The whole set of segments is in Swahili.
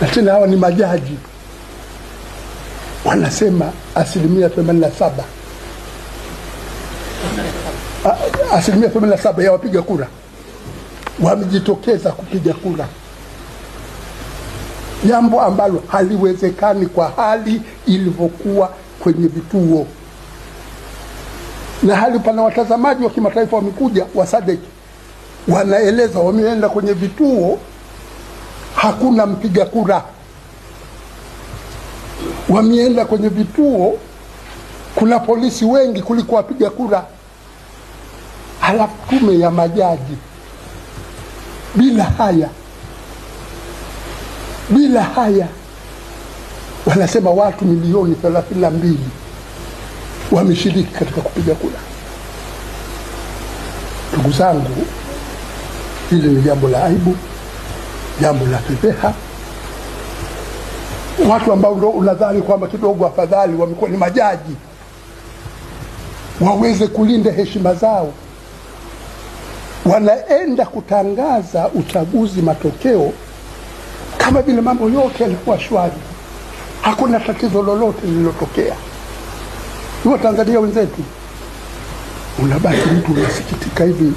na tena hawa ni majaji wanasema asilimia saba asilimia saba ya wapiga kura wamejitokeza kupiga kura, jambo ambalo haliwezekani kwa hali ilivyokuwa kwenye vituo, na hali pana watazamaji wa kimataifa wamekuja wa SADC wanaeleza wameenda kwenye vituo hakuna mpiga kura. Wameenda kwenye vituo, kuna polisi wengi kuliko wapiga kura. Halafu tume ya majaji bila haya, bila haya, wanasema watu milioni thelathini na mbili wameshiriki katika kupiga kura. Ndugu zangu, hili ni jambo la aibu jambo la kibeha, watu ambao ndo unadhani kwamba kidogo afadhali wamekuwa ni majaji waweze kulinda heshima zao, wanaenda kutangaza uchaguzi matokeo kama vile mambo yote yalikuwa shwari, hakuna tatizo lolote lililotokea. iwa Tanzania wenzetu, unabaki mtu unasikitika, hivi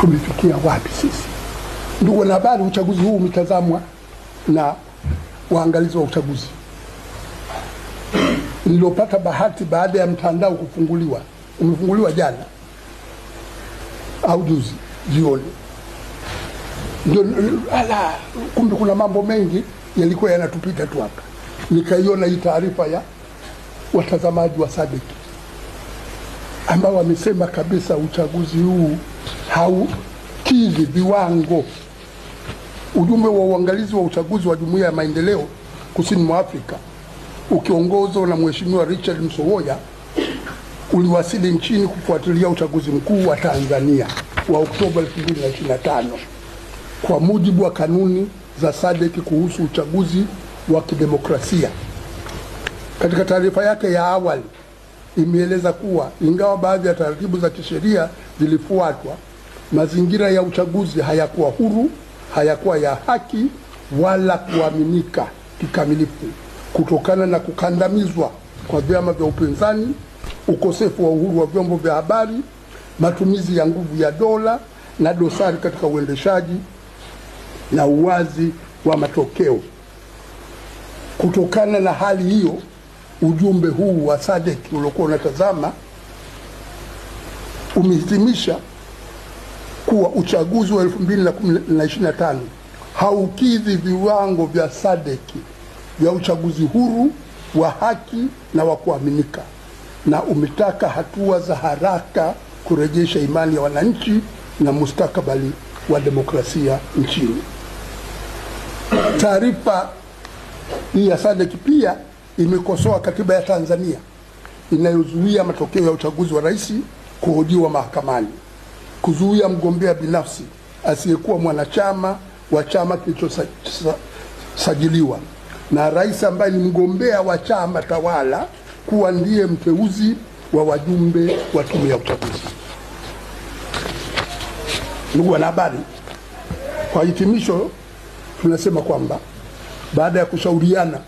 tumefikia wapi sisi? Ndugu wanahabari, uchaguzi huu umetazamwa na waangalizi wa uchaguzi. Nilopata bahati baada ya mtandao kufunguliwa, umefunguliwa jana au juzi jioni, ndio ala, kumbe kuna mambo mengi yalikuwa yanatupita tu hapa. Nikaiona hii taarifa ya watazamaji wa Sadek ambao wamesema kabisa uchaguzi huu haukidhi viwango Ujumbe wa uangalizi wa uchaguzi wa Jumuiya ya Maendeleo Kusini mwa Afrika ukiongozwa na Mheshimiwa Richard Msowoya uliwasili nchini kufuatilia uchaguzi mkuu wa Tanzania wa Oktoba 2025 kwa mujibu wa kanuni za SADC kuhusu uchaguzi wa kidemokrasia. Katika taarifa yake ya awali imeeleza kuwa ingawa baadhi ya taratibu za kisheria zilifuatwa, mazingira ya uchaguzi hayakuwa huru hayakuwa ya haki wala kuaminika kikamilifu kutokana na kukandamizwa kwa vyama vya upinzani, ukosefu wa uhuru wa vyombo vya habari, matumizi ya nguvu ya dola na dosari katika uendeshaji na uwazi wa matokeo. Kutokana na hali hiyo, ujumbe huu wa SADC uliokuwa unatazama umehitimisha kuwa uchaguzi wa 2025 haukidhi viwango vya sadeki vya uchaguzi huru wa haki na wa kuaminika, na umetaka hatua za haraka kurejesha imani ya wananchi na mustakabali wa demokrasia nchini. Taarifa hii ya sadeki pia imekosoa katiba ya Tanzania inayozuia matokeo ya uchaguzi wa rais kuhojiwa mahakamani kuzuia mgombea binafsi asiyekuwa mwanachama wa chama kilichosajiliwa na rais ambaye ni mgombea wa chama tawala kuwa ndiye mteuzi wa wajumbe wa tume ya uchaguzi. Ndugu wanahabari, kwa hitimisho, tunasema kwamba baada ya kushauriana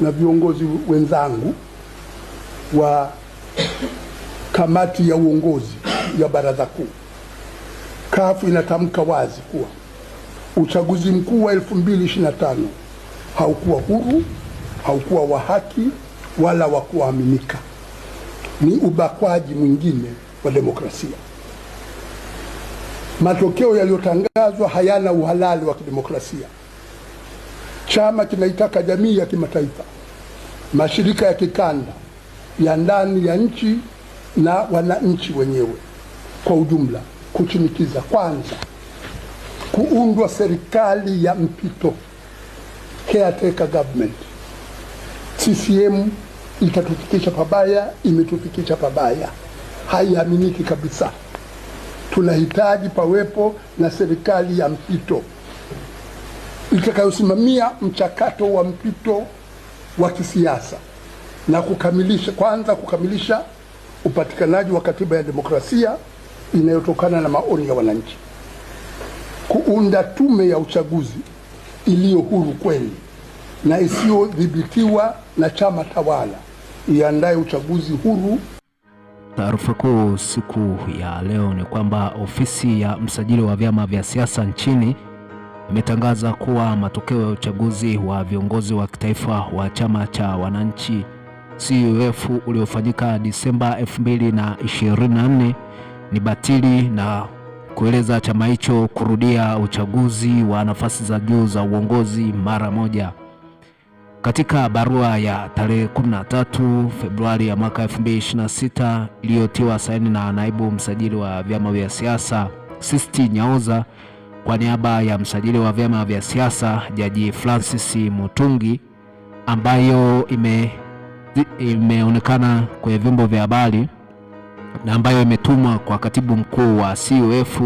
na viongozi wenzangu wa kamati ya uongozi ya baraza kuu kafu inatamka wazi kuwa uchaguzi mkuu wa 2025 haukuwa huru, haukuwa wa haki wala wa kuaminika. Ni ubakwaji mwingine wa demokrasia. Matokeo yaliyotangazwa hayana uhalali wa kidemokrasia. Chama kinaitaka jamii ya kimataifa, mashirika ya kikanda, ya ndani ya nchi na wananchi wenyewe kwa ujumla kushinikiza kwanza kuundwa serikali ya mpito caretaker government. CCM itatufikisha pabaya, imetufikisha pabaya, haiaminiki kabisa. Tunahitaji pawepo na serikali ya mpito itakayosimamia mchakato wa mpito wa kisiasa na kukamilisha kwanza, kukamilisha upatikanaji wa katiba ya demokrasia inayotokana na maoni ya wananchi, kuunda tume ya uchaguzi iliyo huru kweli na isiyodhibitiwa na chama tawala, iandaye uchaguzi huru. Taarifa kuu siku ya leo ni kwamba ofisi ya msajili wa vyama vya siasa nchini imetangaza kuwa matokeo ya uchaguzi wa viongozi wa kitaifa wa chama cha wananchi CUF uliofanyika Disemba 2024 ni batili na kueleza chama hicho kurudia uchaguzi wa nafasi za juu za uongozi mara moja. Katika barua ya tarehe 13 Februari ya mwaka 2026 iliyotiwa saini na naibu msajili wa vyama vya siasa Sisti Nyaoza kwa niaba ya msajili wa vyama vya siasa Jaji Francis Mutungi, ambayo ime imeonekana kwenye vyombo vya habari na ambayo imetumwa kwa katibu mkuu wa CUF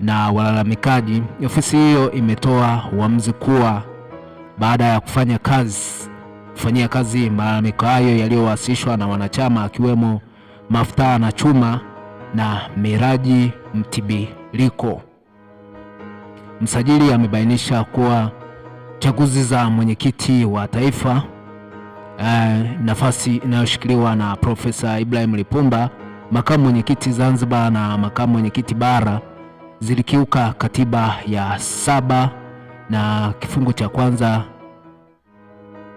na walalamikaji. Ofisi hiyo imetoa uamuzi kuwa baada ya kufanya kazi kufanyia kazi malalamiko hayo yaliyowasilishwa na wanachama akiwemo mafuta na Chuma na Miraji Mtibiliko, msajili amebainisha kuwa chaguzi za mwenyekiti wa taifa uh, nafasi inayoshikiliwa na Profesa Ibrahim Lipumba, makamu mwenyekiti Zanzibar na makamu mwenyekiti bara, zilikiuka katiba ya saba na kifungu cha kwanza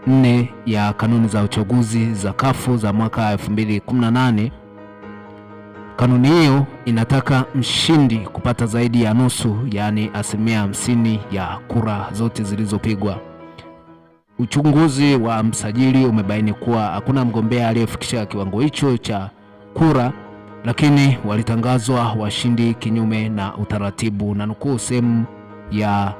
nne ya kanuni za uchaguzi za kafu za mwaka 2018. Kanuni hiyo inataka mshindi kupata zaidi ya nusu, yaani asilimia hamsini ya kura zote zilizopigwa. Uchunguzi wa msajili umebaini kuwa hakuna mgombea aliyefikisha kiwango hicho cha kura, lakini walitangazwa washindi kinyume na utaratibu. Na nukuu sehemu ya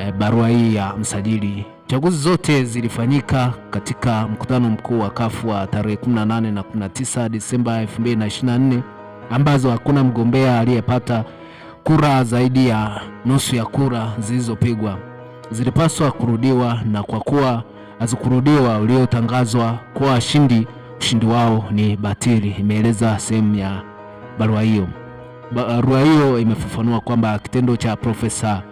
e, barua hii ya msajili: chaguzi zote zilifanyika katika mkutano mkuu wa kafu wa tarehe 18 na 19 Disemba 2024 ambazo hakuna mgombea aliyepata kura zaidi ya nusu ya kura zilizopigwa zilipaswa kurudiwa, na kwa kuwa hazikurudiwa uliotangazwa kuwa washindi, ushindi wao ni batili, imeeleza sehemu ya barua hiyo. Barua hiyo imefafanua kwamba kitendo cha Profesa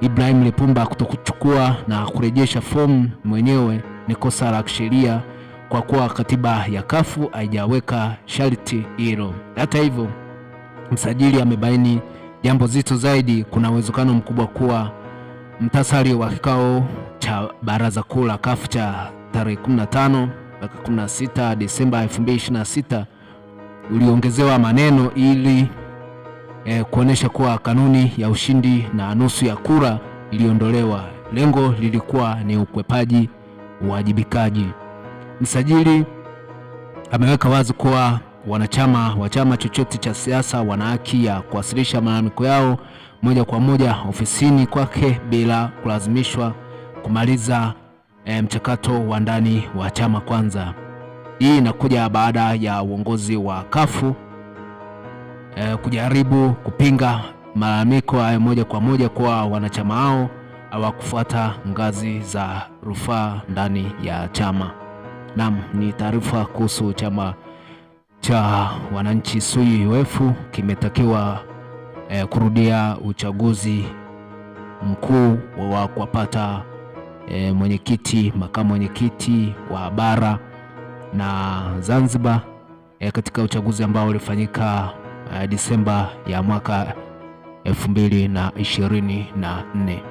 Ibrahim Lipumba kutokuchukua na kurejesha fomu mwenyewe ni kosa la kisheria kwa kuwa katiba ya kafu haijaweka sharti hilo. Hata hivyo, msajili amebaini jambo zito zaidi. Kuna uwezekano mkubwa kuwa Mtasari wa kikao cha Baraza Kuu la kafu cha tarehe 15 mpaka 16 Desemba 2026 uliongezewa maneno ili eh, kuonesha kuwa kanuni ya ushindi na nusu ya kura iliondolewa. Lengo lilikuwa ni ukwepaji uwajibikaji. Msajili ameweka wazi kuwa wanachama wa chama chochote cha siasa wana haki ya kuwasilisha malalamiko yao moja kwa moja ofisini kwake bila kulazimishwa kumaliza e, mchakato wa ndani wa chama kwanza. Hii inakuja baada ya uongozi wa kafu e, kujaribu kupinga malalamiko hayo moja kwa moja kwa wanachama hao hawakufuata ngazi za rufaa ndani ya chama. Naam, ni taarifa kuhusu chama cha wananchi wefu kimetakiwa eh, kurudia uchaguzi mkuu wa kuwapata eh, mwenyekiti, makamu mwenyekiti wa bara na Zanzibar eh, katika uchaguzi ambao ulifanyika eh, Disemba ya mwaka 2024 na ishirini